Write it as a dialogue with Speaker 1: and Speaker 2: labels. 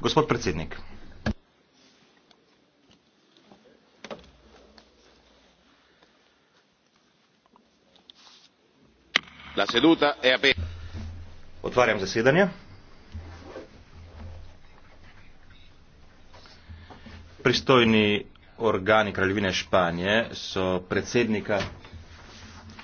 Speaker 1: Gospod predsednik.
Speaker 2: La seduta è aperta. Otvarjam
Speaker 3: zasedanje. Pristojni organi Kraljevine Španije so predsednika